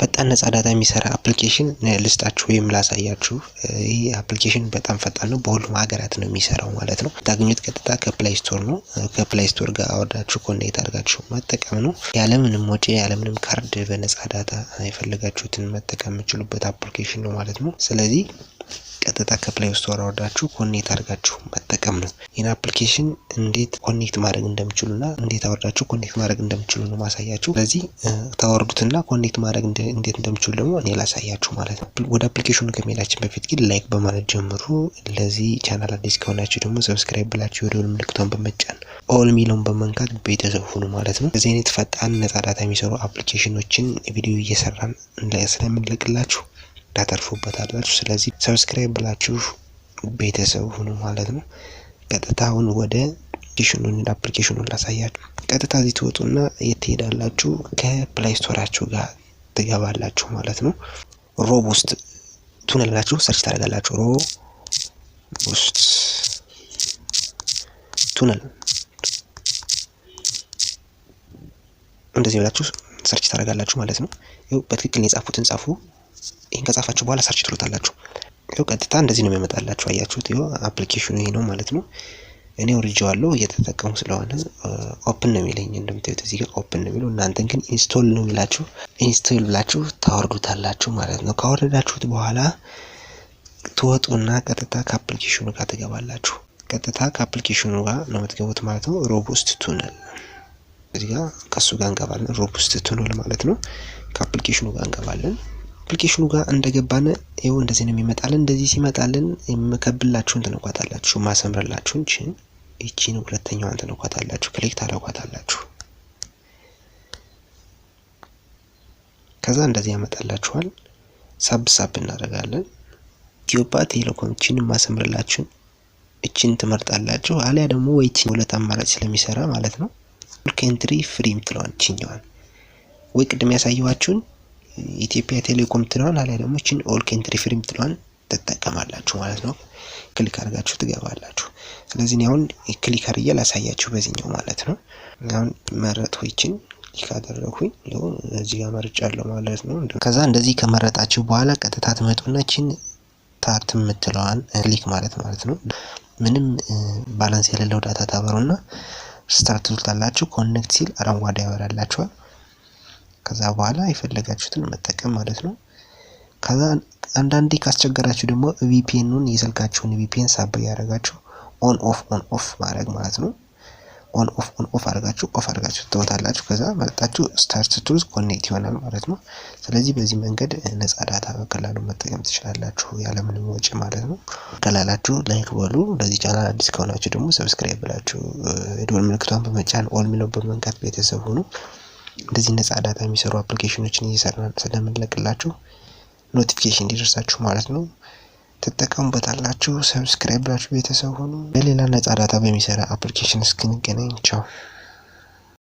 ፈጣን ነጻ ዳታ የሚሰራ አፕሊኬሽን ልስጣችሁ ወይም ላሳያችሁ። ይህ አፕሊኬሽን በጣም ፈጣን ነው። በሁሉም ሀገራት ነው የሚሰራው ማለት ነው። ታገኙት ቀጥታ ከፕላይ ስቶር ነው። ከፕላይ ስቶር ጋር አወርዳችሁ ኮኔክት አድርጋችሁ መጠቀም ነው። ያለምንም ወጪ ያለምንም ካርድ በነጻ ዳታ የፈለጋችሁትን መጠቀም የምችሉበት አፕሊኬሽን ነው ማለት ነው። ስለዚህ ቀጥታ ከፕሌይ ስቶር አወርዳችሁ ኮኔክት አድርጋችሁ መጠቀም ነው። ይህን አፕሊኬሽን እንዴት ኮኔክት ማድረግ እንደምችሉና እንዴት አወርዳችሁ ኮኔክት ማድረግ እንደምችሉ ነው ማሳያችሁ። ስለዚህ ታወርዱትና ኮኔክት ማድረግ እንዴት እንደምችሉ ደግሞ እኔ ላሳያችሁ ማለት ነው። ወደ አፕሊኬሽኑ ከመሄዳችን በፊት ግን ላይክ በማለት ጀምሩ። ለዚህ ቻናል አዲስ ከሆናችሁ ደግሞ ሰብስክራይብ ብላችሁ የደወል ምልክቷን በመጫን ኦል ሚለውን በመንካት ቤተሰብ ሁኑ ማለት ነው። እዚህ አይነት ፈጣን ነጻ ዳታ የሚሰሩ አፕሊኬሽኖችን ቪዲዮ እየሰራን ስለምንለቅላችሁ ታተርፉበታላችሁ። ስለዚህ ሰብስክራይብ ብላችሁ ቤተሰብ ሁኑ ማለት ነው። ቀጥታ አሁን ወደ አፕሊኬሽኑን አፕሊኬሽኑን ላሳያችሁ። ቀጥታ እዚህ ትወጡና የት ትሄዳላችሁ? ከፕላይ ስቶራችሁ ጋር ትገባላችሁ ማለት ነው። ሮቦስት ውስጥ ቱነላችሁ ሰርች ታደርጋላችሁ። ሮ ቱነል እንደዚህ ብላችሁ ሰርች ታደርጋላችሁ ማለት ነው። ይኸው በትክክል የጻፉትን ጻፉ። ይህን ከጻፋችሁ በኋላ ሰርች ትሉታላችሁ። ይኸው ቀጥታ እንደዚህ ነው የሚመጣላችሁ። አያችሁት? ይኸው አፕሊኬሽኑ ይሄ ነው ማለት ነው። እኔ ወርጄዋለሁ እየተጠቀሙ ስለሆነ ኦፕን ነው የሚለኝ። እንደምታዩት እዚህ ጋር ኦፕን ነው የሚለው። እናንተን ግን ኢንስቶል ነው የሚላችሁ። ኢንስቶል ብላችሁ ታወርዱታላችሁ ማለት ነው። ካወረዳችሁት በኋላ ትወጡና ቀጥታ ከአፕሊኬሽኑ ጋር ትገባላችሁ። ቀጥታ ከአፕሊኬሽኑ ጋር ነው የምትገቡት ማለት ነው። ሮቡስት ቱነል እዚህ ጋር ከእሱ ጋር እንገባለን። ሮቡስት ቱነል ማለት ነው። ከአፕሊኬሽኑ ጋር እንገባለን። አፕሊኬሽኑ ጋር እንደገባን ይው እንደዚህ ነው የሚመጣልን። እንደዚህ ሲመጣልን የምከብላችሁን ትነኳታላችሁ፣ ማሰምርላችሁን ችን ይቺን ሁለተኛዋን ትነኳታላችሁ፣ ክሊክ ታደረጓታላችሁ። ከዛ እንደዚህ ያመጣላችኋል። ሳብ ሳብ እናደርጋለን። ኢትዮጵያ ቴሌኮም እቺን ማሰምርላችሁን እቺን ትመርጣላችሁ። አሊያ ደግሞ ወይቺ ሁለት አማራጭ ስለሚሰራ ማለት ነው። ኬንትሪ ፍሪ ምትለዋን እቺኛዋን ወይ ቅድም ያሳየኋችሁን ኢትዮጵያ ቴሌኮም ትለዋል፣ አሊያ ደግሞ ችን ኦል ኬንትሪ ፍሪም ትለዋል ትጠቀማላችሁ ማለት ነው። ክሊክ አድርጋችሁ ትገባላችሁ። ስለዚህ እኔ አሁን ክሊክ አድርጌ ላሳያችሁ በዚህኛው ማለት ነው። አሁን መረጥኩ ይችን ክሊክ አደረኩኝ። ይኸው እዚህ ጋር መርጫለሁ ማለት ነው። ከዛ እንደዚህ ከመረጣችሁ በኋላ ቀጥታ ትመጡና ችን ታርት የምትለዋን ክሊክ ማለት ማለት ነው። ምንም ባላንስ የሌለው ዳታ ታበሩና ስታርት ትሉታላችሁ። ኮኔክት ሲል አረንጓዴ ያበራላችኋል። ከዛ በኋላ የፈለጋችሁትን መጠቀም ማለት ነው። ከዛ አንዳንዴ ካስቸገራችሁ ደግሞ ቪፒኤኑን የስልካችሁን ቪፒን ሳብ እያደረጋችሁ ኦን ኦፍ ኦን ኦፍ ማድረግ ማለት ነው። ኦን ኦፍ ኦን ኦፍ አድርጋችሁ ኦፍ አድርጋችሁ ትወታላችሁ። ከዛ መጠጣችሁ ስታርት ቱልስ ኮኔክት ይሆናል ማለት ነው። ስለዚህ በዚህ መንገድ ነጻ ዳታ በቀላሉ መጠቀም ትችላላችሁ ያለምንም ወጪ ማለት ነው። ቀላላችሁ ላይክ በሉ። ለዚህ ቻናል አዲስ ከሆናችሁ ደግሞ ሰብስክራይብ ብላችሁ የደወል ምልክቷን በመጫን ኦል ሚለው በመንካት ቤተሰብ ሆኑ። እንደዚህ ነጻ ዳታ የሚሰሩ አፕሊኬሽኖችን እየሰራን ስለምንለቅላችሁ ኖቲፊኬሽን እንዲደርሳችሁ ማለት ነው ትጠቀሙበታላችሁ። ሰብስክራይብ ብላችሁ ቤተሰብ ሆኑ። በሌላ ነጻ ዳታ በሚሰራ አፕሊኬሽን እስክንገናኝ ቻው።